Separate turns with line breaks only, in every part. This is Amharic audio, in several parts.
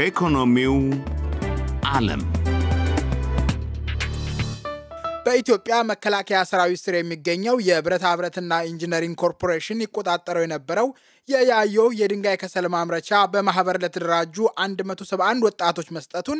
ከኢኮኖሚው ዓለም በኢትዮጵያ መከላከያ ሰራዊት ስር የሚገኘው የብረታ ብረትና ኢንጂነሪንግ ኮርፖሬሽን ይቆጣጠረው የነበረው የያዮ የድንጋይ ከሰል ማምረቻ በማህበር ለተደራጁ 171 ወጣቶች መስጠቱን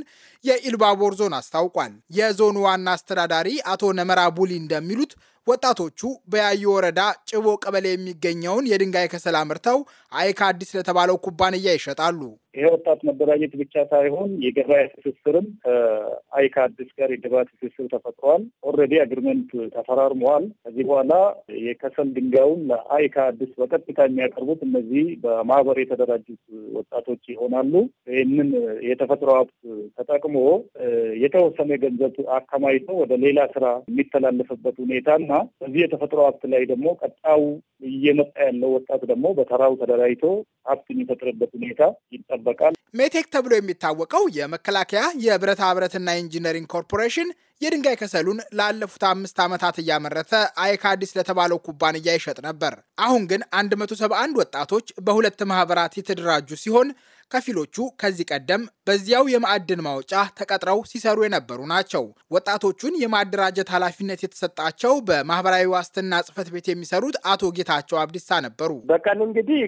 የኢልባቦር ዞን አስታውቋል። የዞኑ ዋና አስተዳዳሪ አቶ ነመራ ቡሊ እንደሚሉት ወጣቶቹ በያዩ ወረዳ ጭቦ ቀበሌ የሚገኘውን የድንጋይ ከሰል አምርተው አይካ አዲስ ለተባለው ኩባንያ ይሸጣሉ።
ይሄ ወጣት መደራጀት ብቻ ሳይሆን የገበያ ትስስርም ከአይካድስ ጋር የገበያ ትስስር ተፈጥሯል። ኦልሬዲ አግሪመንት ተፈራርመዋል። ከዚህ በኋላ የከሰል ድንጋዩን ለአይካድስ በቀጥታ የሚያቀርቡት እነዚህ በማህበር የተደራጁት ወጣቶች ይሆናሉ። ይህንን የተፈጥሮ ሀብት ተጠቅሞ የተወሰነ ገንዘብ አከማይቶ ወደ ሌላ ስራ የሚተላለፍበት ሁኔታ እና በዚህ የተፈጥሮ ሀብት ላይ ደግሞ ቀጣው እየመጣ ያለው ወጣት ደግሞ በተራው ተደራጅቶ ሀብት የሚፈጥርበት ሁኔታ ይጠበቃል።
ሜቴክ ተብሎ የሚታወቀው የመከላከያ የብረታ ብረትና ኢንጂነሪንግ ኮርፖሬሽን የድንጋይ ከሰሉን ላለፉት አምስት ዓመታት እያመረተ አይካዲስ ለተባለው ኩባንያ ይሸጥ ነበር። አሁን ግን 171 ወጣቶች በሁለት ማህበራት የተደራጁ ሲሆን ከፊሎቹ ከዚህ ቀደም በዚያው የማዕድን ማውጫ ተቀጥረው ሲሰሩ የነበሩ ናቸው። ወጣቶቹን የማደራጀት ኃላፊነት የተሰጣቸው በማህበራዊ ዋስትና ጽህፈት ቤት የሚሰሩት አቶ ጌታቸው አብዲሳ ነበሩ። በቀን እንግዲህ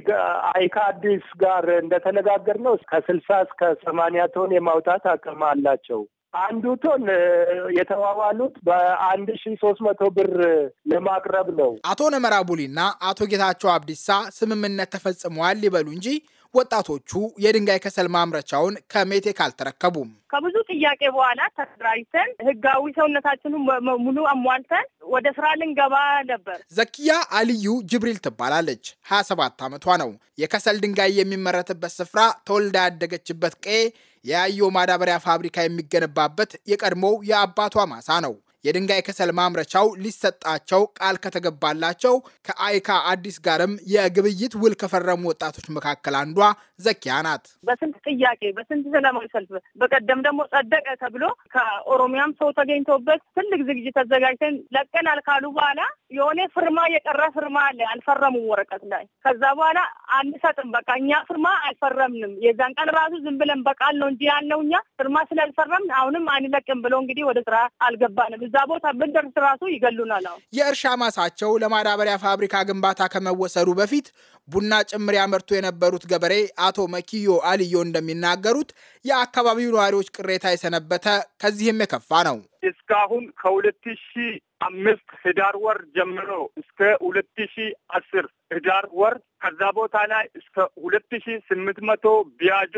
አይካ አዲስ ጋር እንደተነጋገር ነው ከስልሳ እስከ ሰማንያ ቶን የማውጣት
አቅም አላቸው። አንዱ ቶን የተዋዋሉት በአንድ ሺ ሶስት መቶ
ብር ለማቅረብ ነው። አቶ ነመራ ቡሊና አቶ ጌታቸው አብዲሳ ስምምነት ተፈጽመዋል ይበሉ እንጂ ወጣቶቹ የድንጋይ ከሰል ማምረቻውን ከሜቴክ አልተረከቡም
ከብዙ ጥያቄ በኋላ ተደራጅተን ህጋዊ ሰውነታችንን ሙሉ አሟልተን ወደ ስራ ልንገባ ነበር።
ዘኪያ አልዩ ጅብሪል ትባላለች። ሰባት ዓመቷ ነው። የከሰል ድንጋይ የሚመረትበት ስፍራ ተወልዳ ያደገችበት ቀዬ የያዮ ማዳበሪያ ፋብሪካ የሚገነባበት የቀድሞው የአባቷ ማሳ ነው። የድንጋይ ከሰል ማምረቻው ሊሰጣቸው ቃል ከተገባላቸው ከአይካ አዲስ ጋርም የግብይት ውል ከፈረሙ ወጣቶች መካከል አንዷ ዘኪያ ናት።
በስንት ጥያቄ በስንት ሰላማዊ ሰልፍ በቀደም ደግሞ ጸደቀ ተብሎ ከኦሮሚያም ሰው ተገኝቶበት ትልቅ ዝግጅት ተዘጋጅተን ለቀናል ካሉ በኋላ የሆነ ፍርማ የቀረ ፍርማ አለ አልፈረሙም ወረቀት ላይ። ከዛ በኋላ አንሰጥም በቃ እኛ ፍርማ አልፈረምንም። የዛን ቀን ራሱ ዝም ብለን በቃል ነው እንጂ ያልነው እኛ ፍርማ ስላልፈረምን አሁንም አንለቅም ብሎ እንግዲህ ወደ ስራ አልገባንም። እዛ ቦታ ብንደርስ ራሱ ይገሉናል። አሁን
የእርሻ ማሳቸው ለማዳበሪያ ፋብሪካ ግንባታ ከመወሰዱ በፊት ቡና ጭምር ያመርቱ የነበሩት ገበሬ አቶ መኪዮ አልዮ እንደ እንደሚናገሩት የአካባቢው ነዋሪዎች ቅሬታ የሰነበተ ከዚህም የከፋ ነው።
እስካሁን ከሁለት ሺ አምስት ህዳር ወር ጀምሮ እስከ ሁለት ሺ አስር ህዳር ወር ከዛ ቦታ ላይ እስከ ሁለት ሺ ስምንት መቶ ቢያጆ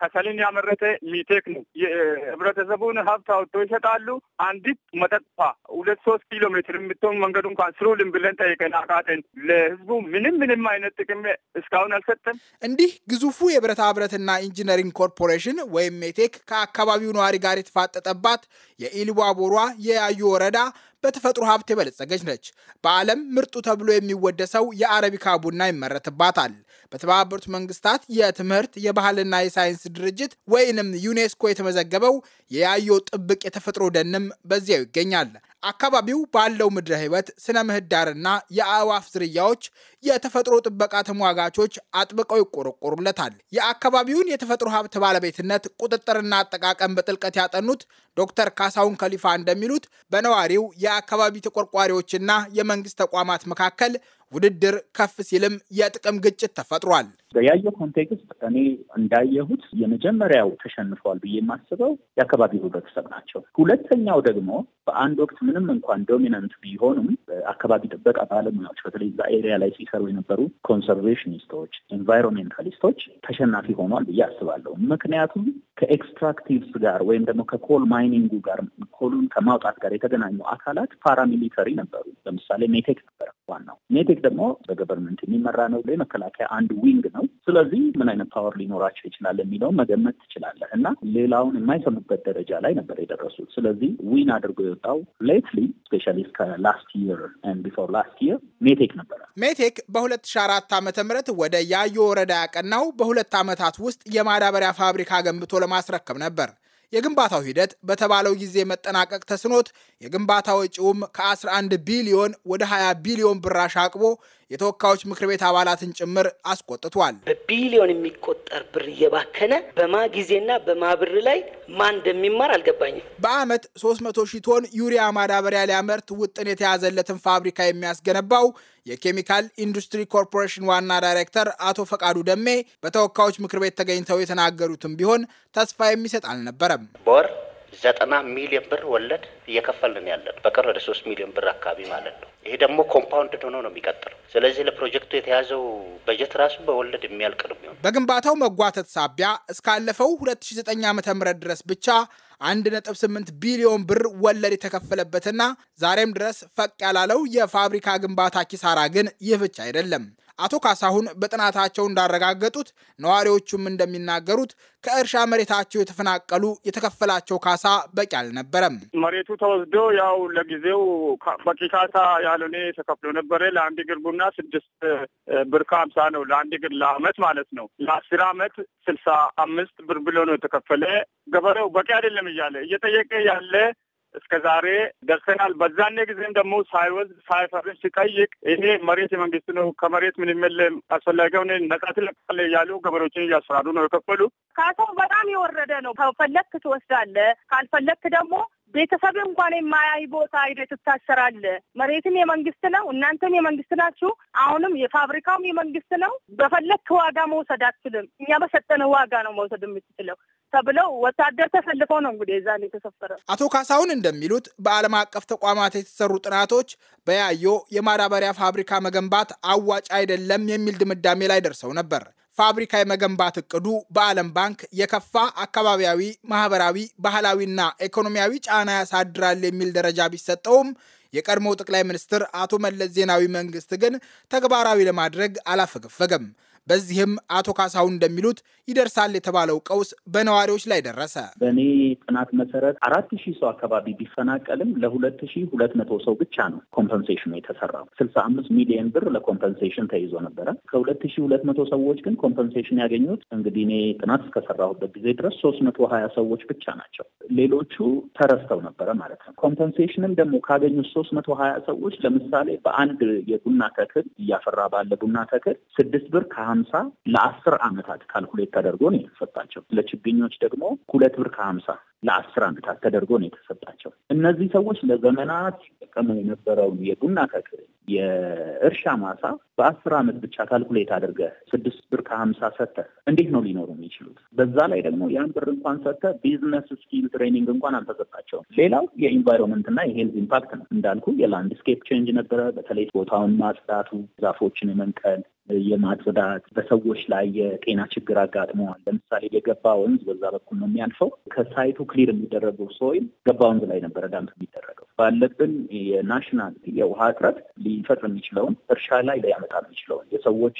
ከሰልን ያመረተ ሚቴክ ነው። የህብረተሰቡን ሀብት አውጥቶ ይሸጣሉ። አንዲት መጠጥፋ ሁለት ሶስት ኪሎ ሜትር የምትሆን መንገዱ እንኳን ስሩልን ብለን ጠይቀን አቃተን። ለህዝቡ ምንም ምንም አይነት ጥቅም እስካሁን
አልሰጠም። እንዲህ ግዙፉ የብረታ ብረትና ኢንጂነሪንግ ኮርፖሬሽን ወይም ሜቴክ ከአካባቢው ነዋሪ ጋር የተፋጠጠባት የኢሉባቦሯ የያዩ ወረዳ በተፈጥሮ ሀብት የበለጸገች ነች። በዓለም ምርጡ ተብሎ የሚወደሰው የአረቢካ ቡና ይመረትባታል። በተባበሩት መንግስታት የትምህርት የባህልና የሳይንስ ድርጅት ወይንም ዩኔስኮ የተመዘገበው የያዮ ጥብቅ የተፈጥሮ ደንም በዚያው ይገኛል። አካባቢው ባለው ምድረ ህይወት ስነ ምህዳርና የአእዋፍ ዝርያዎች የተፈጥሮ ጥበቃ ተሟጋቾች አጥብቀው ይቆረቆሩለታል። የአካባቢውን የተፈጥሮ ሀብት ባለቤትነት ቁጥጥርና አጠቃቀም በጥልቀት ያጠኑት ዶክተር ካሳሁን ከሊፋ እንደሚሉት በነዋሪው የአካባቢ ተቆርቋሪዎችና የመንግስት ተቋማት መካከል ውድድር ከፍ ሲልም የጥቅም ግጭት ተፈጥሯል። በያየ ኮንቴክስት እኔ እንዳየሁት የመጀመሪያው ተሸንፏል ብዬ የማስበው
የአካባቢው ህብረተሰብ ናቸው። ሁለተኛው ደግሞ በአንድ ወቅት ምንም እንኳን ዶሚናንት ቢሆኑም አካባቢ ጥበቃ ባለሙያዎች በተለይ በኤሪያ ላይ ሲሰ ሲሰሩ የነበሩ ኮንሰርቬሽኒስቶች፣ ኢንቫይሮንሜንታሊስቶች ተሸናፊ ሆኗል ብዬ አስባለሁ። ምክንያቱም ከኤክስትራክቲቭስ ጋር ወይም ደግሞ ከኮል ማይኒንጉ ጋር ኮሉን ከማውጣት ጋር የተገናኙ አካላት ፓራሚሊተሪ ነበሩ። ለምሳሌ ሜቴክ ነበር። ዋናው ሜቴክ ደግሞ በገቨርንመንት የሚመራ ነው። የመከላከያ አንድ ዊንግ ነው። ስለዚህ ምን አይነት ፓወር ሊኖራቸው ይችላል የሚለውን መገመት ትችላለህ። እና ሌላውን የማይሰሙበት ደረጃ ላይ ነበር የደረሱት። ስለዚህ ዊን አድርጎ የወጣው ሌትሊ ስፔሻሊ ከላስት ላስት ይር ኤንድ ቢፎር ላስት ይር ሜቴክ ነበረ።
ሜቴክ በ2004 ዓ ም ወደ ያዩ ወረዳ ያቀናው በሁለት ዓመታት ውስጥ የማዳበሪያ ፋብሪካ ገንብቶ ለማስረከብ ነበር። የግንባታው ሂደት በተባለው ጊዜ መጠናቀቅ ተስኖት የግንባታ ወጪውም ከ11 ቢሊዮን ወደ 20 ቢሊዮን ብር አሻቅቦ የተወካዮች ምክር ቤት አባላትን ጭምር
አስቆጥቷል። በቢሊዮን የሚቆጠር ብር እየባከነ በማ ጊዜና በማብር ላይ ማን እንደሚማር አልገባኝም።
በአመት 300 ሺህ ቶን ዩሪያ ማዳበሪያ ሊያመርት ውጥን የተያዘለትን ፋብሪካ የሚያስገነባው የኬሚካል ኢንዱስትሪ ኮርፖሬሽን ዋና ዳይሬክተር አቶ ፈቃዱ ደሜ በተወካዮች ምክር ቤት ተገኝተው የተናገሩትም ቢሆን ተስፋ የሚሰጥ አልነበረም።
ዘጠና ሚሊዮን ብር ወለድ እየከፈልን ያለን በቀር ወደ ሶስት ሚሊዮን ብር አካባቢ ማለት ነው። ይሄ ደግሞ ኮምፓውንድ ሆኖ ነው የሚቀጥለው። ስለዚህ ለፕሮጀክቱ የተያዘው በጀት ራሱ በወለድ የሚያልቅ ነው የሚሆን።
በግንባታው መጓተት ሳቢያ እስካለፈው 2009 ዓ.ም ድረስ ብቻ 1.8 ቢሊዮን ብር ወለድ የተከፈለበትና ዛሬም ድረስ ፈቅ ያላለው የፋብሪካ ግንባታ ኪሳራ ግን ይህ ብቻ አይደለም። አቶ ካሳሁን በጥናታቸው እንዳረጋገጡት ነዋሪዎቹም እንደሚናገሩት ከእርሻ መሬታቸው የተፈናቀሉ የተከፈላቸው ካሳ በቂ አልነበረም። መሬቱ ተወስዶ ያው ለጊዜው በቂ
ካሳ ያልሆነ ተከፍሎ ነበረ። ለአንድ እግር ቡና ስድስት ብር ከሀምሳ ነው ለአንድ እግር ለአመት ማለት ነው። ለአስር አመት ስልሳ አምስት ብር ብሎ ነው የተከፈለ። ገበሬው በቂ አይደለም እያለ እየጠየቀ ያለ እስከ ዛሬ ደርሰናል። በዛኔ ጊዜም ደግሞ ሳይወስድ ሳይፈርን ሲጠይቅ ይሄ መሬት የመንግስት ነው፣ ከመሬት ምን የለም፣ አስፈላጊውን
ነጻ ትለቃለህ እያሉ ገበሬዎችን እያስፈራሩ ነው የከፈሉ። ካሳው በጣም የወረደ ነው። ከፈለክ ትወስዳለ ካልፈለክ ደግሞ ቤተሰብ እንኳን የማያይ ቦታ ሂደ ትታሰራለ። መሬትም የመንግስት ነው፣ እናንተም የመንግስት ናችሁ። አሁንም የፋብሪካውም የመንግስት ነው። በፈለክ ዋጋ መውሰድ አትችልም። እኛ በሰጠነው ዋጋ ነው መውሰድ የምትችለው። ተብለው ወታደር ተሰልፈው ነው እንግዲህ የዛን የተሰፈረው።
አቶ ካሳሁን እንደሚሉት በዓለም አቀፍ ተቋማት የተሰሩ ጥናቶች በያዮ የማዳበሪያ ፋብሪካ መገንባት አዋጭ አይደለም የሚል ድምዳሜ ላይ ደርሰው ነበር። ፋብሪካ የመገንባት እቅዱ በዓለም ባንክ የከፋ አካባቢያዊ፣ ማህበራዊ፣ ባህላዊና ኢኮኖሚያዊ ጫና ያሳድራል የሚል ደረጃ ቢሰጠውም የቀድሞው ጠቅላይ ሚኒስትር አቶ መለስ ዜናዊ መንግስት ግን ተግባራዊ ለማድረግ አላፈገፈገም። በዚህም አቶ ካሳሁን እንደሚሉት ይደርሳል የተባለው ቀውስ በነዋሪዎች ላይ ደረሰ። በእኔ ጥናት መሰረት አራት ሺህ ሰው አካባቢ ቢፈናቀልም ለሁለት ሺህ ሁለት መቶ ሰው ብቻ ነው
ኮምፐንሴሽኑ የተሰራው። ስልሳ አምስት ሚሊዮን ብር ለኮምፐንሴሽን ተይዞ ነበረ። ከሁለት ሺህ ሁለት መቶ ሰዎች ግን ኮምፐንሴሽን ያገኙት እንግዲህ እኔ ጥናት እስከሰራሁበት ጊዜ ድረስ ሶስት መቶ ሀያ ሰዎች ብቻ ናቸው። ሌሎቹ ተረስተው ነበረ ማለት ነው። ኮምፐንሴሽንም ደግሞ ካገኙት ሶስት መቶ ሀያ ሰዎች ለምሳሌ በአንድ የቡና ተክል እያፈራ ባለ ቡና ተክል ስድስት ብር ከሀ ሀምሳ ለአስር ዓመታት ካልኩሌት ተደርጎ ነው የተሰጣቸው። ለችግኞች ደግሞ ሁለት ብር ከሀምሳ ለአስር አመታት ተደርጎ ነው የተሰጣቸው። እነዚህ ሰዎች ለዘመናት ሲጠቀሙ የነበረውን የቡና ተክል የእርሻ ማሳ በአስር ዓመት ብቻ ካልኩሌት አድርገህ ስድስት ብር ከሀምሳ ሰጥተህ እንዴት ነው ሊኖሩ የሚችሉት? በዛ ላይ ደግሞ ያን ብር እንኳን ሰጥተህ ቢዝነስ ስኪል ትሬኒንግ እንኳን አልተሰጣቸውም። ሌላው የኢንቫይሮንመንት እና የሄልዝ ኢምፓክት ነው። እንዳልኩ የላንድስኬፕ ቼንጅ ነበረ። በተለይ ቦታውን ማጽዳቱ፣ ዛፎችን የመንቀል የማጽዳት በሰዎች ላይ የጤና ችግር አጋጥመዋል። ለምሳሌ የገባ ወንዝ በዛ በኩል ነው የሚያልፈው። ከሳይቱ ክሊር የሚደረገው ሶይል ገባ ወንዝ ላይ ነበረ ዳምፕ የሚደረገው። ባለብን የናሽናል የውሃ እጥረት ሊፈጥር የሚችለውን እርሻ ላይ ሊያመ ሊያመጣ የሚችለውን የሰዎች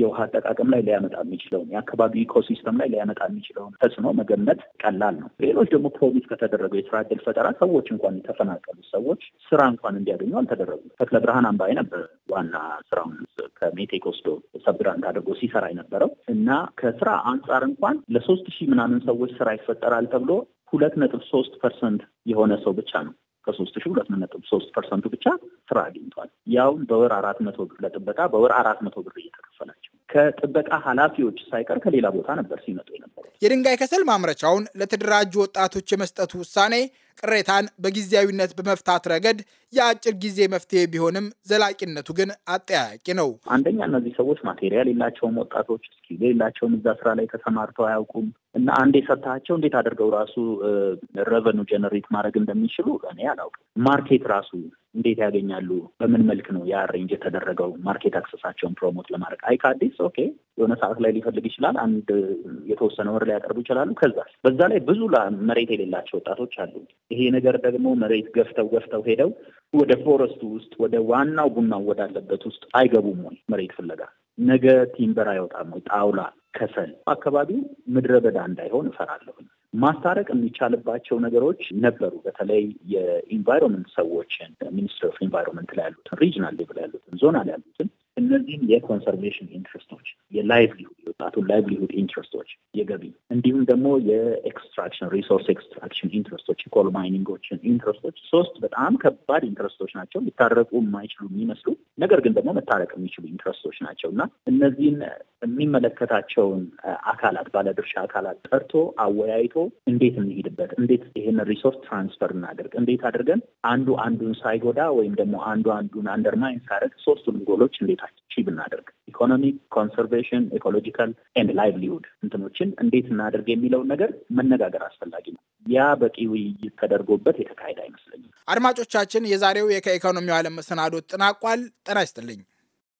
የውሃ አጠቃቀም ላይ ሊያመጣ የሚችለውን የአካባቢ ኢኮሲስተም ላይ ሊያመጣ የሚችለውን ተጽዕኖ መገመት ቀላል ነው። ሌሎች ደግሞ ፕሮሚት ከተደረገው የስራ እድል ፈጠራ ሰዎች እንኳን የተፈናቀሉት ሰዎች ስራ እንኳን እንዲያገኙ አልተደረጉ። ተክለ ብርሃን አምባዬ ነበር ዋና ስራውን ከሜቴክ ወስዶ ሰብግራንት አድርጎ ሲሰራ የነበረው እና ከስራ አንጻር እንኳን ለሶስት ሺህ ምናምን ሰዎች ስራ ይፈጠራል ተብሎ ሁለት ነጥብ ሶስት ፐርሰንት የሆነ ሰው ብቻ ነው ከሶስት ሺ ሁለት ነጥብ ሶስት ፐርሰንቱ ብቻ ስራ አግኝቷል። ያውም በወር አራት መቶ ብር ለጥበቃ በወር አራት መቶ ብር እየተከፈላቸው ከጥበቃ
ኃላፊዎች ሳይቀር ከሌላ ቦታ ነበር ሲመጡ የነበሩት። የድንጋይ ከሰል ማምረቻውን ለተደራጁ ወጣቶች የመስጠቱ ውሳኔ ቅሬታን በጊዜያዊነት በመፍታት ረገድ የአጭር ጊዜ መፍትሄ ቢሆንም ዘላቂነቱ ግን አጠያያቂ ነው።
አንደኛ እነዚህ ሰዎች ማቴሪያል የላቸውም፣ ወጣቶች ስኪል የላቸውም፣ እዛ ስራ ላይ ተሰማርተው አያውቁም እና አንድ የሰታቸው እንዴት አድርገው ራሱ ረቨኑ ጀነሬት ማድረግ እንደሚችሉ እኔ አላውቅም። ማርኬት ራሱ እንዴት ያገኛሉ? በምን መልክ ነው ያ ሬንጅ የተደረገው? ማርኬት አክሰሳቸውን ፕሮሞት ለማድረግ አይ ከአዲስ ኦኬ፣ የሆነ ሰዓት ላይ ሊፈልግ ይችላል። አንድ የተወሰነ ወር ላይ ያቀርቡ ይችላሉ። ከዛ በዛ ላይ ብዙ መሬት የሌላቸው ወጣቶች አሉ። ይሄ ነገር ደግሞ መሬት ገፍተው ገፍተው ሄደው ወደ ፎረስቱ ውስጥ ወደ ዋናው ቡናው ወዳለበት ውስጥ አይገቡም ወይ? መሬት ፍለጋ ነገ ቲምበር አይወጣም ወይ? ጣውላ ከሰል አካባቢው ምድረ በዳ እንዳይሆን እፈራለሁ። ማስታረቅ የሚቻልባቸው ነገሮች ነበሩ። በተለይ የኢንቫይሮንመንት ሰዎችን ሚኒስትር ኦፍ ኢንቫይሮንመንት ላይ ያሉትን፣ ሪጅናል ሌቭል ያሉትን፣ ዞና ላይ ያሉትን እነዚህም የኮንሰርቬሽን ኢንትረስቶች፣ የላይቭሊሁድ የወጣቱን ላይቭሊሁድ ኢንትረስቶች፣ የገቢ እንዲሁም ደግሞ የኤክስትራክሽን ሪሶርስ ኤክስትራክሽን ኢንትረስቶች፣ የኮል ማይኒንጎችን ኢንትረስቶች ሶስት በጣም ከባድ ኢንትረስቶች ናቸው ሊታረቁ የማይችሉ የሚመስሉ ነገር ግን ደግሞ መታረቅ የሚችሉ ኢንትረስቶች ናቸው እና እነዚህን የሚመለከታቸውን አካላት ባለድርሻ አካላት ጠርቶ አወያይቶ እንዴት እንሄድበት፣ እንዴት ይህን ሪሶርስ ትራንስፈር እናደርግ፣ እንዴት አድርገን አንዱ አንዱን ሳይጎዳ ወይም ደግሞ አንዱ አንዱን አንደርማይን ሳያደርግ ሶስቱንም ጎሎች እንዴት አቺቭ እናደርግ፣ ኢኮኖሚ፣ ኮንሰርቬሽን፣ ኢኮሎጂካል ኤንድ ላይቭሊሁድ እንትኖችን እንዴት እናደርግ የሚለውን ነገር መነጋገር አስፈላጊ ነው። ያ በቂ ውይይት ተደርጎበት የተካሄደ አይመስለኝም።
አድማጮቻችን፣ የዛሬው የከኢኮኖሚው ዓለም መሰናዶ ጥናቋል። ጤና ይስጥልኝ።